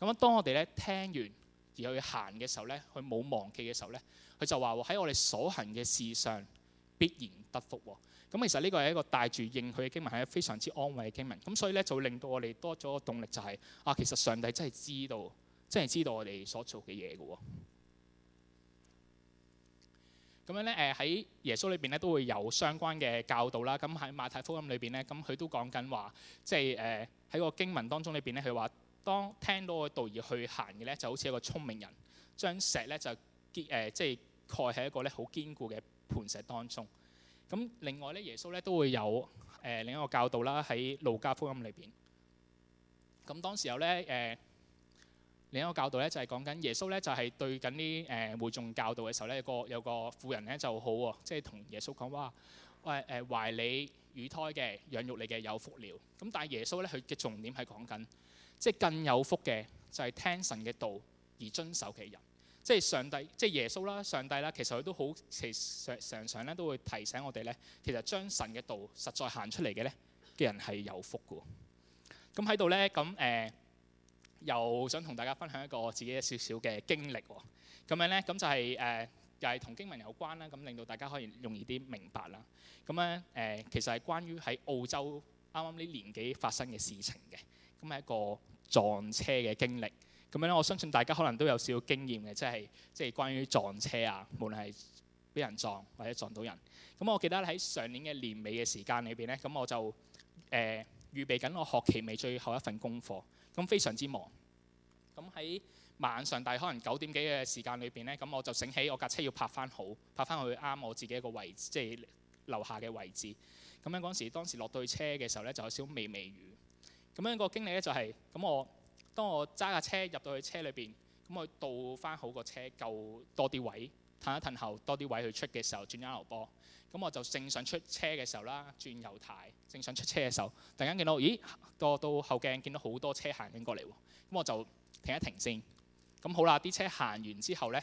[SPEAKER 1] 咁樣當我哋咧聽完而去行嘅時候咧，佢冇忘記嘅時候咧，佢就話喺我哋所行嘅事上。必然得福喎。咁其實呢個係一個帶住應許嘅經文，係非常之安慰嘅經文。咁所以咧，就令到我哋多咗個動力，就是，就係啊，其實上帝真係知道，真係知道我哋所做嘅嘢嘅喎。咁樣咧，誒喺耶穌裏邊咧都會有相關嘅教導啦。咁喺馬太福音裏邊咧，咁佢都講緊話，即係誒喺個經文當中裏邊咧，佢話當聽到個道而去行嘅咧，就好似一個聰明人，將石咧就堅誒，呃，即係蓋喺一個咧好堅固嘅。磐石當中，咁另外咧，耶穌咧都會有誒另一個教導啦，喺路加福音裏邊。咁當時候咧，誒另一個教導咧就係講緊耶穌咧就係對緊啲誒會眾教導嘅時候咧，個有個婦人咧就好喎，即係同耶穌講話，喂，誒懷你乳胎嘅養育你嘅有福了。咁但係耶穌咧佢嘅重點係講緊，即係更有福嘅就係聽神嘅道而遵守嘅人。即係上帝，即係耶穌啦，上帝啦，其實佢都好，其實常常常咧都會提醒我哋咧，其實將神嘅道實在行出嚟嘅咧嘅人係有福嘅。咁喺度咧，咁、嗯、誒、呃、又想同大家分享一個自己少少嘅經歷喎。咁樣咧，咁就係、是、誒、呃、又係同經文有關啦。咁、嗯、令到大家可以容易啲明白啦。咁咧誒其實係關於喺澳洲啱啱呢年紀發生嘅事情嘅。咁係一個撞車嘅經歷。咁樣咧，我相信大家可能都有少少經驗嘅，即係即係關於撞車啊，無論係俾人撞或者撞到人。咁我記得喺上年嘅年尾嘅時間裏邊咧，咁我就誒、呃、預備緊我學期尾最後一份功課，咁非常之忙。咁喺晚上大概可能九點幾嘅時間裏邊咧，咁我就醒起我架車要泊翻好，泊翻去啱我自己一個位置，即係樓下嘅位置。咁樣嗰時當時落到車嘅時候咧，就有少微微雨。咁、那、樣個經歷咧就係、是，咁我。當我揸架車入到去車裏邊，咁我倒翻好個車，夠多啲位，褪一褪後多啲位去出嘅時候轉彎扭波，咁我就正想出車嘅時候啦，轉右軚，正想出車嘅時候，突然間見到，咦，我倒後鏡見到好多車行緊過嚟喎，咁我就停一停先。咁好啦，啲車行完之後呢，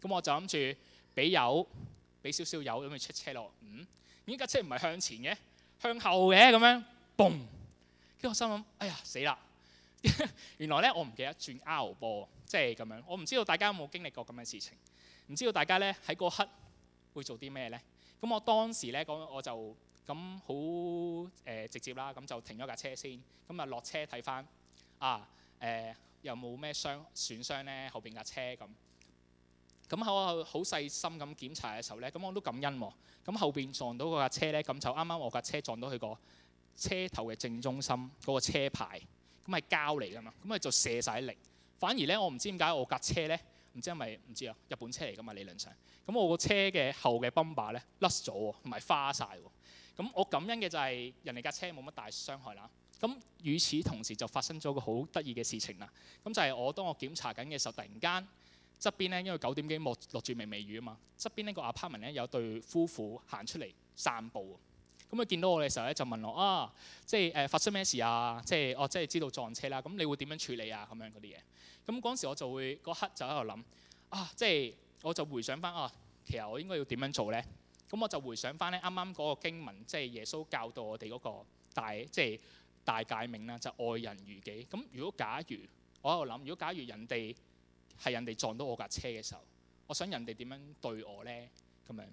[SPEAKER 1] 咁我就諗住俾油，俾少少油咁去出車咯。嗯，呢架車唔係向前嘅，向後嘅咁樣，嘣！跟住我心諗，哎呀，死啦！ 原來咧，我唔記得轉 R 波，all，即係咁樣。我唔知道大家有冇經歷過咁嘅事情，唔知道大家咧喺嗰刻會做啲咩咧。咁我當時咧講，我就咁好誒直接啦，咁就停咗架車先。咁啊落車睇翻啊誒，呃、有冇咩傷損傷咧？後邊架車咁。咁喺我好細心咁檢查嘅時候咧，咁我都感恩喎、哦。咁後邊撞到嗰架車咧，咁就啱啱我架車撞到佢個車頭嘅正中心嗰、嗰個車牌。咁係膠嚟㗎嘛，咁咪就射晒力。反而咧，我唔知點解我架車咧，唔知係咪唔知啊，日本車嚟㗎嘛，理論上。咁我個車嘅後嘅泵把咧甩咗喎，同埋花晒喎。咁我感恩嘅就係，人哋架車冇乜大傷害啦。咁與此同時就發生咗個好得意嘅事情啦。咁就係我當我檢查緊嘅時候，突然間側邊咧，因為九點幾落落住微微雨啊嘛，側邊呢個 apartment 呢有對夫婦行出嚟散步。咁佢見到我嘅時候咧，就問我啊，即係誒、啊、發生咩事啊？即係我、啊、即係知道撞車啦。咁你會點樣處理啊？咁樣嗰啲嘢。咁嗰陣時我就會嗰刻就喺度諗啊，即係我就回想返啊，其實我應該要點樣做咧？咁我就回想返咧，啱啱嗰個經文即係耶穌教導我哋嗰個大即係大誡命啦，就係、愛人如己。咁如果假如我喺度諗，如果假如人哋係人哋撞到我架車嘅時候，我想人哋點樣對我咧？咁樣，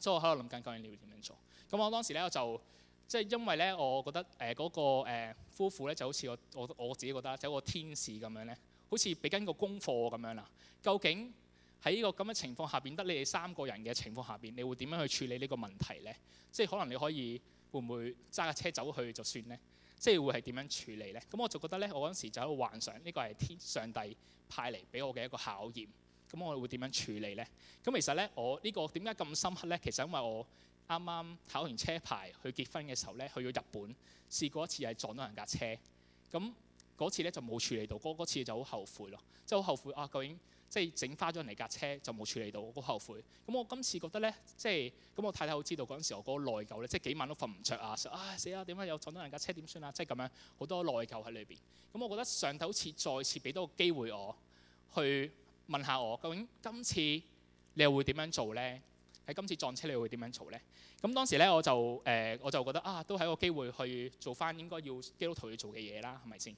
[SPEAKER 1] 所以我喺度諗緊究竟你要點樣做？咁我當時咧，我就即係因為咧，我覺得誒嗰、呃那個誒、呃、夫婦咧，就好似個我我自己覺得，就一個天使咁樣咧，好似俾緊個功課咁樣啦。究竟喺呢、這個咁嘅情況下邊得你哋三個人嘅情況下邊，你會點樣去處理呢個問題咧？即係可能你可以會唔會揸架車走去就算咧？即係會係點樣處理咧？咁我就覺得咧，我嗰陣時就喺度幻想呢、這個係天上帝派嚟俾我嘅一個考驗。咁我哋會點樣處理咧？咁其實咧，我呢、這個點解咁深刻咧？其實因為我。啱啱考完車牌去結婚嘅時候咧，去咗日本試過一次係撞到人架車，咁嗰次咧就冇處理到，嗰次就好後悔咯，真係好後悔啊！究竟即係整花咗人架車就冇處理到，好後悔。咁我今次覺得咧，即係咁我太太好知道嗰陣時我嗰個內疚咧，即係幾晚都瞓唔着，啊！啊死啦，點解又撞到人架車點算啊？即係咁樣好多內疚喺裏邊。咁我覺得上帝好似再次俾多個機會我去問下我究竟今次你又會點樣做咧？喺今次撞車你會點樣嘈咧？咁當時咧我就誒、呃、我就覺得啊，都係一個機會去做翻應該要基督徒要做嘅嘢啦，係咪先？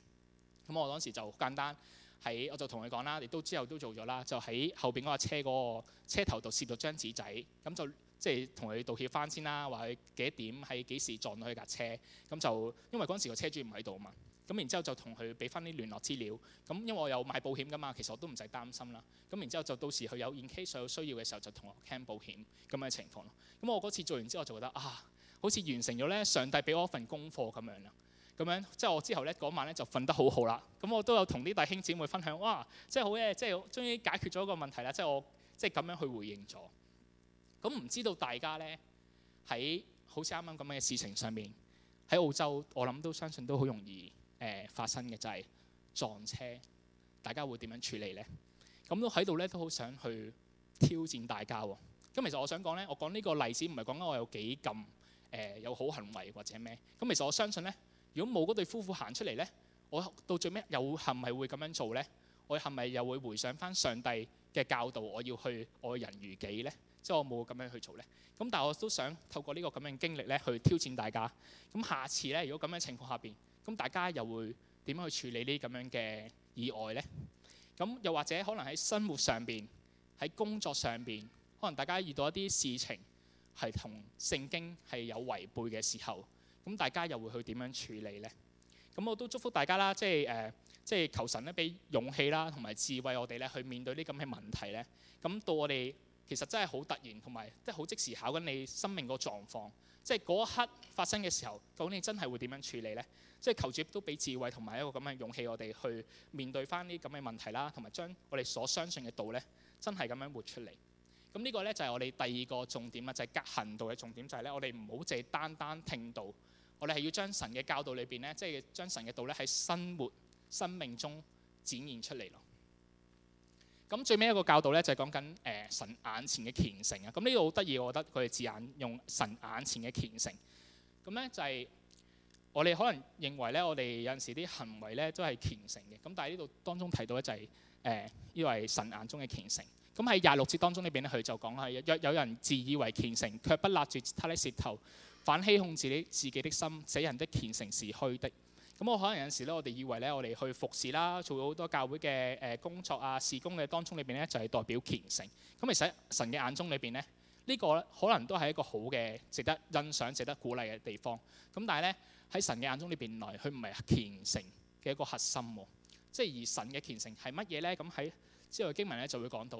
[SPEAKER 1] 咁我當時就好簡單，喺我就同佢講啦，亦都之後都做咗啦，就喺後邊嗰架車嗰個車頭度攝咗張紙仔，咁就即係同佢道歉翻先啦，話佢幾點喺幾時撞到佢架車，咁就因為嗰陣時嗰個車主唔喺度啊嘛。咁然之後就同佢俾翻啲聯絡資料。咁因為我有買保險噶嘛，其實我都唔使擔心啦。咁然之後就到時佢有 in case 有需要嘅時候，就同我傾保險咁嘅情況咯。咁我嗰次做完之後就覺得啊，好似完成咗咧，上帝俾我一份功課咁樣啦。咁樣即係我之後咧嗰晚咧就瞓得好好啦。咁我都有同啲弟兄姊妹分享，哇！即係好咧，即係終於解決咗個問題啦。即係我即係咁樣去回應咗。咁唔知道大家咧喺好似啱啱咁嘅事情上面喺澳洲，我諗都相信都好容易。誒、呃、發生嘅就係撞車，大家會點樣處理呢？咁都喺度咧，都好想去挑戰大家喎、哦。咁、嗯、其實我想講咧，我講呢個例子唔係講緊我有幾咁誒有好行為或者咩。咁、嗯、其實我相信咧，如果冇嗰對夫婦行出嚟咧，我到最尾又係咪係會咁樣做咧？我係咪又會回想返上帝嘅教導，我要去愛人如己咧？即、就、係、是、我冇咁樣去做咧。咁、嗯、但係我都想透過呢個咁樣經歷咧，去挑戰大家。咁、嗯、下次咧，如果咁樣情況下邊？咁大家又會點樣去處理呢啲咁樣嘅意外呢？咁又或者可能喺生活上面、喺工作上面，可能大家遇到一啲事情係同聖經係有違背嘅時候，咁大家又會去點樣處理呢？咁我都祝福大家啦，即係誒、呃，即係求神咧俾勇氣啦，同埋智慧我哋咧去面對呢咁嘅問題呢。咁到我哋其實真係好突然，同埋即係好即時考緊你生命個狀況。即係嗰一刻發生嘅時候，究竟你真係會點樣處理呢？即係求主都俾智慧同埋一個咁嘅勇氣，我哋去面對翻呢啲咁嘅問題啦，同埋將我哋所相信嘅道呢，真係咁樣活出嚟。咁呢個呢，就係我哋第二個重點啦，就係行道嘅重點就係呢：我哋唔好淨係單單聽道，我哋係要將神嘅教導裏邊呢，即係將神嘅道呢，喺生活生命中展現出嚟咯。咁最尾一個教導咧，就係講緊誒神眼前嘅虔誠啊！咁呢度好得意，我覺得佢哋字眼用神眼前嘅虔誠。咁咧就係我哋可能認為咧，我哋有陣時啲行為咧都係虔誠嘅。咁但係呢度當中提到咧，就係誒呢個係神眼中嘅虔誠。咁喺廿六節當中呢邊咧，佢就講係若有人自以為虔誠，卻不勒住他的舌頭，反欺哄自己自己的心，這人的虔誠是虛的。咁我可能有陣時咧，我哋以為咧，我哋去服侍啦，做好多教會嘅誒工作啊、事工嘅當中裏邊咧，就係代表虔誠。咁其實神嘅眼中裏邊咧，呢個可能都係一個好嘅、值得欣賞、值得鼓勵嘅地方。咁但係咧喺神嘅眼中裏邊來，佢唔係虔誠嘅一個核心喎。即係而神嘅虔誠係乜嘢咧？咁喺之後經文咧就會講到，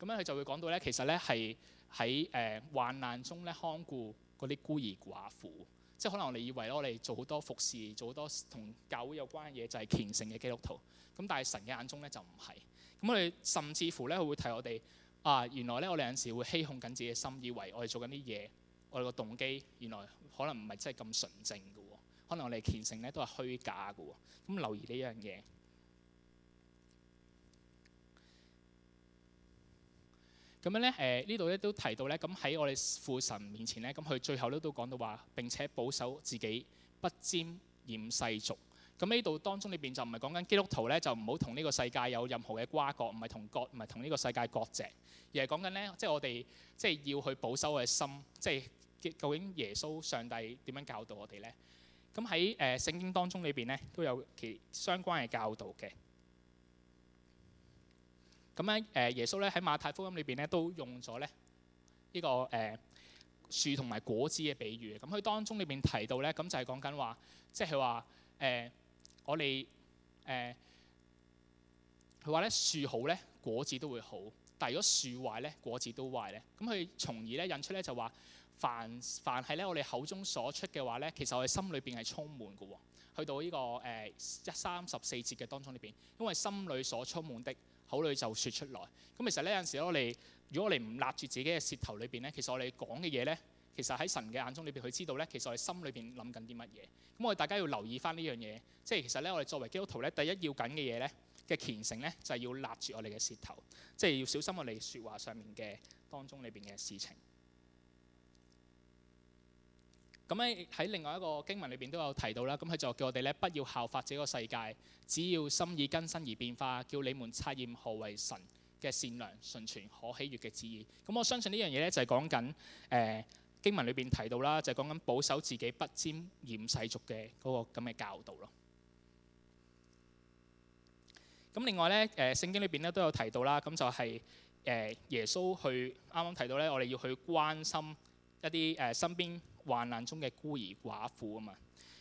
[SPEAKER 1] 咁咧佢就會講到咧，其實咧係喺誒患難中咧看顧。嗰啲孤兒寡婦，即係可能我哋以為我哋做好多服侍，做好多同教會有關嘅嘢，就係虔誠嘅基督徒。咁但係神嘅眼中咧就唔係。咁我哋甚至乎咧佢會提我哋啊，原來咧我哋有陣時會欺哄緊自己嘅心，以為我哋做緊啲嘢，我哋個動機原來可能唔係真係咁純正㗎喎，可能我哋虔誠咧都係虛假㗎喎。咁留意呢樣嘢。咁樣咧，誒呢度咧都提到咧，咁喺我哋父神面前咧，咁佢最後咧都講到話，並且保守自己不沾染世俗。咁呢度當中裏邊就唔係講緊基督徒咧就唔好同呢個世界有任何嘅瓜葛，唔係同國，唔係同呢個世界割蓆，而係講緊咧，即係我哋即係要去保守嘅心，即係究竟耶穌上帝點樣教導我哋咧？咁喺誒聖經當中裏邊咧都有其相關嘅教導嘅。咁咧，誒耶穌咧喺馬太福音裏邊咧都用咗咧呢個誒、呃、樹同埋果子嘅比喻。咁佢當中裏邊提到咧，咁就係講緊話，即係佢話誒我哋誒佢話咧樹好咧果子都會好，但係如果樹壞咧果子都壞咧。咁佢從而咧引出咧就話凡凡係咧我哋口中所出嘅話咧，其實我哋心裏邊係充滿嘅喎。去到呢、這個誒一三十四節嘅當中裏邊，因為心裏所充滿的。口裡就說出來，咁其實呢，有陣時我哋，如果我哋唔立住自己嘅舌頭裏邊呢，其實我哋講嘅嘢呢，其實喺神嘅眼中裏邊佢知道呢，其實我哋心裏邊諗緊啲乜嘢，咁我哋大家要留意翻呢樣嘢，即係其實呢，我哋作為基督徒呢，第一要緊嘅嘢呢嘅虔誠呢，就係要立住我哋嘅舌頭，即係要小心我哋説話上面嘅當中裏邊嘅事情。咁喺另外一個經文裏邊都有提到啦。咁佢就叫我哋咧，不要效法這個世界，只要心意更新而變化，叫你們察驗何為神嘅善良、純全、可喜悅嘅旨意。咁我相信呢樣嘢咧就係講緊誒經文裏邊提到啦，就係講緊保守自己不沾染世俗嘅嗰、那個咁嘅教導咯。咁另外咧誒聖經裏邊咧都有提到啦，咁就係、是、誒、呃、耶穌去啱啱提到咧，我哋要去關心一啲誒、呃、身邊。患難中嘅孤兒寡婦啊嘛，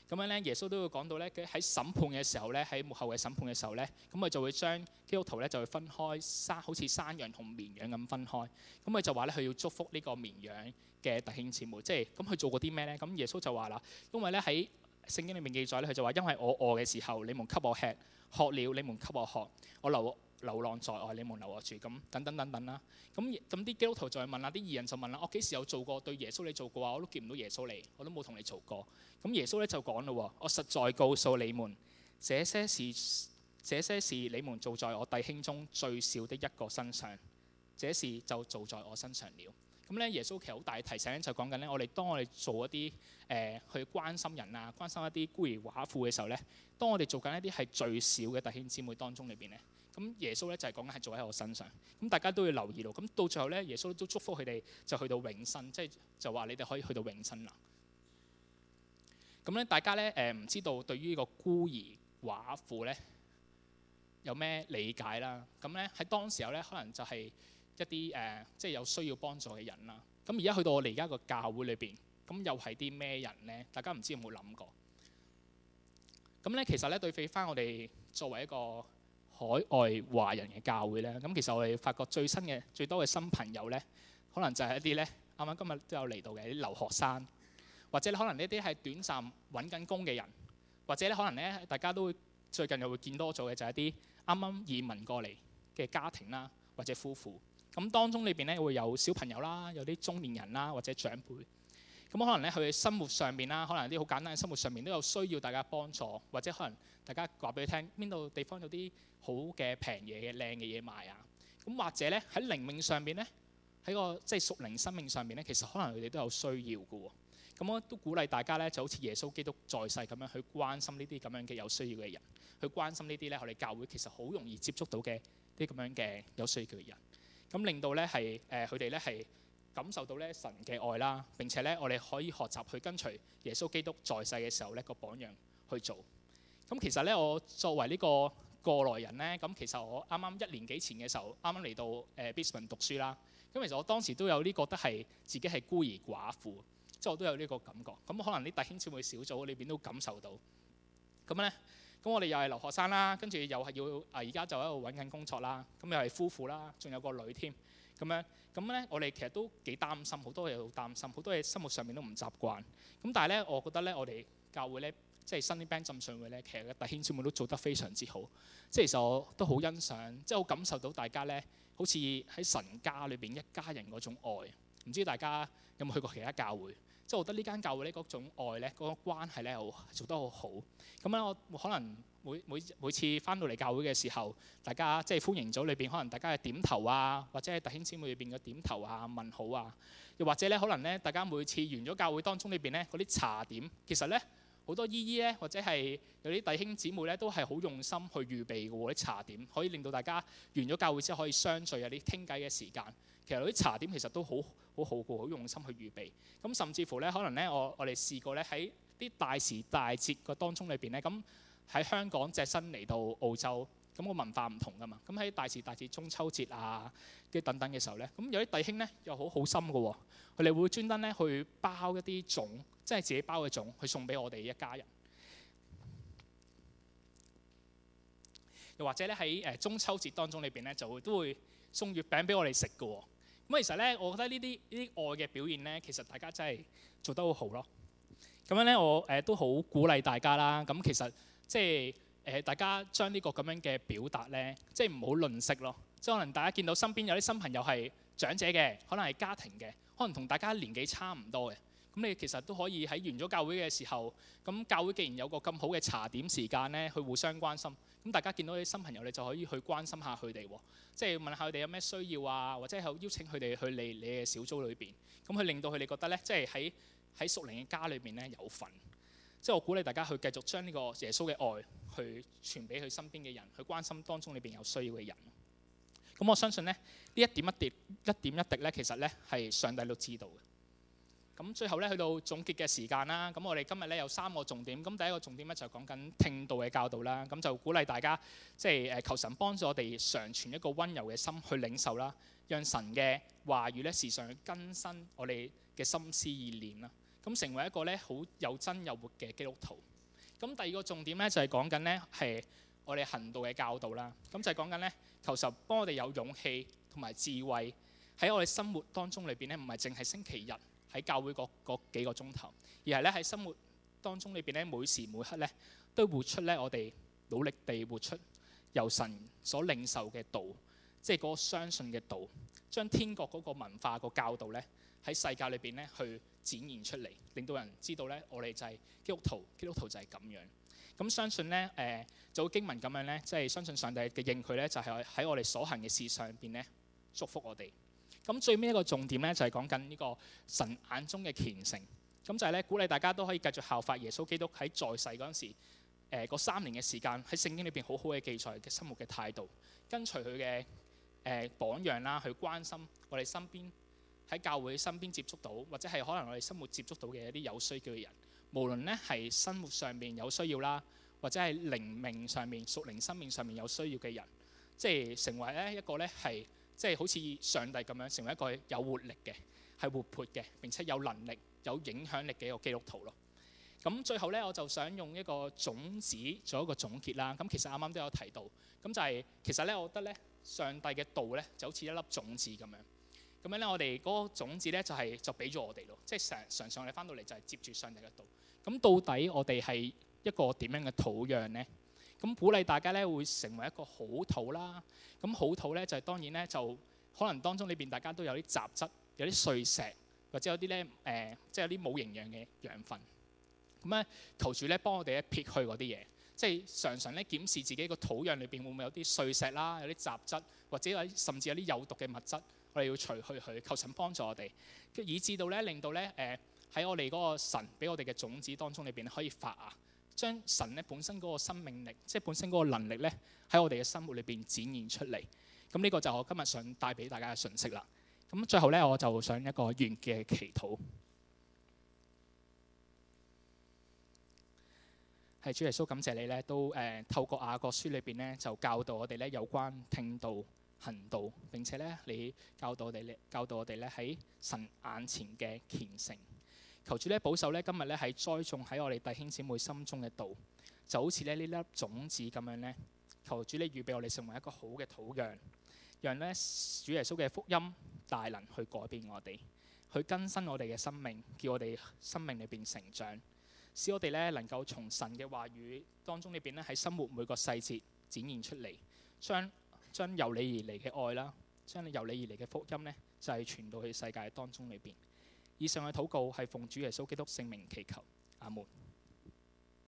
[SPEAKER 1] 咁樣咧耶穌都會講到咧，佢喺審判嘅時候咧，喺幕後嘅審判嘅時候咧，咁佢就會將基督徒咧就會分開山，好似山羊同綿羊咁分開，咁佢就話咧佢要祝福呢個綿羊嘅特興羣眾，即係咁佢做過啲咩咧？咁耶穌就話啦，因為咧喺聖經裏面記載咧，佢就話因為我餓嘅時候，你們給我吃，渴了你們給我喝，我留。流浪在外，你冇留我住咁，等等等等啦。咁咁啲基督徒就問啦，啲義人就問啦：我幾時有做過對耶穌你做過啊？我都見唔到耶穌你，我都冇同你做過。咁耶穌咧就講咯：我實在告訴你們，這些事這些事你們做在我弟兄中最少的一個身上，這事就做在我身上了。咁咧，耶穌其實好大提醒咧，就講緊咧：我哋當我哋做一啲誒、呃、去關心人啊，關心一啲孤兒寡婦嘅時候咧，當我哋做緊一啲係最少嘅弟兄姊妹當中裏邊咧。咁耶穌咧就講緊係做喺我身上，咁大家都要留意到。咁到最後咧，耶穌都祝福佢哋，就去到永生，即係就話、是、你哋可以去到永生啦。咁咧，大家咧誒唔知道對於呢個孤兒寡婦咧有咩理解啦？咁咧喺當時候咧，可能就係一啲誒即係有需要幫助嘅人啦。咁而家去到我哋而家個教會裏邊，咁又係啲咩人咧？大家唔知有冇諗過？咁咧其實咧對比翻我哋作為一個海外華人嘅教會咧，咁其實我哋發覺最新嘅最多嘅新朋友咧，可能就係一啲咧，啱啱今日都有嚟到嘅啲留學生，或者可能呢啲係短暫揾緊工嘅人，或者咧可能咧大家都會最近又會見多咗嘅就係一啲啱啱移民過嚟嘅家庭啦，或者夫婦，咁當中裏邊咧會有小朋友啦，有啲中年人啦，或者長輩。咁可能咧，佢哋生活上面啦，可能啲好簡單嘅生活上面都有需要大家幫助，或者可能大家話俾佢聽，邊度地方有啲好嘅平嘢嘅靚嘅嘢賣啊！咁或者咧喺靈命上面咧，喺個即係屬靈生命上面咧，其實可能佢哋都有需要嘅喎。咁我都鼓勵大家咧，就好似耶穌基督在世咁樣去關心呢啲咁樣嘅有需要嘅人，去關心呢啲咧，我哋教會其實好容易接觸到嘅啲咁樣嘅有需要嘅人，咁令到咧係誒佢哋咧係。感受到咧神嘅愛啦，並且咧我哋可以學習去跟隨耶穌基督在世嘅時候咧個榜樣去做。咁其實咧我作為呢個過來人咧，咁其實我啱啱一年幾前嘅時候啱啱嚟到誒 Bisman 讀書啦。咁其實我當時都有啲覺得係自己係孤兒寡婦，即係我都有呢個感覺。咁可能啲弟兄姊妹小組裏邊都感受到。咁咧，咁我哋又係留學生啦，跟住又係要啊而家就喺度揾緊工作啦。咁又係夫婦啦，仲有個女添。咁樣，咁咧，我哋其實都幾擔心，好多嘢好擔心，好多嘢生活上面都唔習慣。咁但係咧，我覺得咧，我哋教會咧，即係新啲班浸信會咧，其實嘅弟兄姊妹都做得非常之好。即係其實我都好欣賞，即係好感受到大家咧，好似喺神家裏邊一家人嗰種愛。唔知大家有冇去過其他教會？即係我覺得呢間教會咧嗰種愛咧，嗰個關係咧，好做得好好。咁樣，我可能。每每每次返到嚟教會嘅時候，大家即係歡迎組裏邊可能大家嘅點頭啊，或者係弟兄姊妹裏邊嘅點頭啊、問好啊，又或者咧可能咧，大家每次完咗教會當中裏邊咧嗰啲茶點，其實咧好多姨姨咧或者係有啲弟兄姊妹咧都係好用心去預備嘅喎啲茶點，可以令到大家完咗教會之後可以相聚啊啲傾偈嘅時間。其實啲茶點其實都好，好好好嘅，好用心去預備。咁甚至乎咧，可能咧我我哋試過咧喺啲大時大節個當中裏邊咧咁。喺香港隻身嚟到澳洲，咁、個文化唔同噶嘛。咁喺大時大節、中秋節啊，跟等等嘅時候呢，咁有啲弟兄呢，又好好心噶，佢哋、哦、會專登呢去包一啲粽，即係自己包嘅粽去送俾我哋一家人。又或者呢，喺誒中秋節當中裏邊呢，就會都會送月餅俾我哋食噶。咁其實呢，我覺得呢啲呢啲愛嘅表現呢，其實大家真係做得好好咯。咁樣呢，我誒、呃、都好鼓勵大家啦。咁其實～即係誒、呃，大家將呢個咁樣嘅表達呢，即係唔好吝嗇咯。即係可能大家見到身邊有啲新朋友係長者嘅，可能係家庭嘅，可能同大家年紀差唔多嘅。咁你其實都可以喺完咗教會嘅時候，咁教會既然有個咁好嘅茶點時間呢，去互相關心。咁大家見到啲新朋友，你就可以去關心下佢哋，即係問下佢哋有咩需要啊，或者係邀請佢哋去你你嘅小組裏邊。咁去令到佢哋覺得呢，即係喺喺屬靈嘅家裏邊呢，有份。即係我鼓勵大家去繼續將呢個耶穌嘅愛去傳俾佢身邊嘅人，去關心當中裏邊有需要嘅人。咁我相信呢，呢一點一滴、一點一滴呢，其實呢係上帝都知道嘅。咁最後呢，去到總結嘅時間啦。咁我哋今日呢，有三個重點。咁第一個重點呢，就講緊聽道嘅教導啦。咁就鼓勵大家，即係求神幫助我哋常存一個温柔嘅心去領受啦，讓神嘅話語呢，時常去更新我哋嘅心思意念啦。咁成為一個咧好有真有活嘅基督徒。咁第二個重點咧，就係講緊咧係我哋行道嘅教導啦。咁就係講緊咧，求神幫我哋有勇氣同埋智慧喺我哋生活當中裏邊咧，唔係淨係星期日喺教會嗰嗰幾個鐘頭，而係咧喺生活當中裏邊咧，每時每刻咧都活出咧，我哋努力地活出由神所領受嘅道，即係嗰個相信嘅道，將天國嗰個文化個教導咧，喺世界裏邊咧，去展現出嚟，令到人知道咧，我哋就係基督徒，基督徒就係咁樣。咁相信咧，誒、呃，就經文咁樣咧，即係相信上帝嘅應許咧，就係喺我哋所行嘅事上邊咧，祝福我哋。咁最尾一個重點咧，就係講緊呢個神眼中嘅虔誠。咁就係咧，鼓勵大家都可以繼續效法耶穌基督喺在，在世嗰陣時，誒、呃、嗰三年嘅時間喺聖經裏邊好好嘅記載嘅生活嘅態度，跟隨佢嘅誒榜樣啦，去關心我哋身邊。喺教會身邊接觸到，或者係可能我哋生活接觸到嘅一啲有需要嘅人，無論咧係生活上面有需要啦，或者係靈命上面、屬靈生命上面有需要嘅人，即係成為咧一個咧係即係好似上帝咁樣，成為一個有活力嘅、係活潑嘅，並且有能力、有影響力嘅一個基督徒咯。咁最後咧，我就想用一個種子做一個總結啦。咁其實啱啱都有提到，咁就係其實咧，我覺得咧，上帝嘅道咧就好似一粒種子咁樣。咁樣咧，我哋嗰個種子咧，就係、是、就俾咗我哋咯。即、就、係、是、常常常，我哋翻到嚟就係接住上帝嘅道。咁到底我哋係一個點樣嘅土壤咧？咁鼓勵大家咧，會成為一個好土啦。咁好土咧，就係、是、當然咧，就可能當中裏邊大家都有啲雜質，有啲碎石，或者有啲咧誒，即、呃、係、就是、有啲冇營養嘅養分。咁咧，求主咧幫我哋咧撇去嗰啲嘢，即、就、係、是、常常咧檢視自己個土壤裏邊會唔會有啲碎石啦，有啲雜質，或者有甚至有啲有毒嘅物質。我哋要除去佢，求神幫助我哋，以至到咧令到咧誒喺我哋嗰個神俾我哋嘅種子當中裏邊可以發芽，將神咧本身嗰個生命力，即係本身嗰個能力咧，喺我哋嘅生活裏邊展現出嚟。咁呢個就我今日想帶俾大家嘅訊息啦。咁最後咧，我就想一個完嘅祈禱，係主耶穌感謝你咧，都誒、呃、透過雅各書裏邊咧就教導我哋咧有關聽道。行道，並且咧，你教導我哋咧，教導我哋咧，喺神眼前嘅虔誠。求主咧保守咧，今日咧喺栽種喺我哋弟兄姊妹心中嘅道，就好似咧呢粒種子咁樣咧。求主咧預備我哋成為一個好嘅土壤，讓咧主耶穌嘅福音大能去改變我哋，去更新我哋嘅生命，叫我哋生命裏邊成長，使我哋咧能夠從神嘅話語當中裏邊咧喺生活每個細節展現出嚟，將。將由你而嚟嘅愛啦，將你由你而嚟嘅福音呢，就係、是、傳到去世界當中裏邊。以上嘅禱告係奉主耶穌基督聖名祈求，阿門。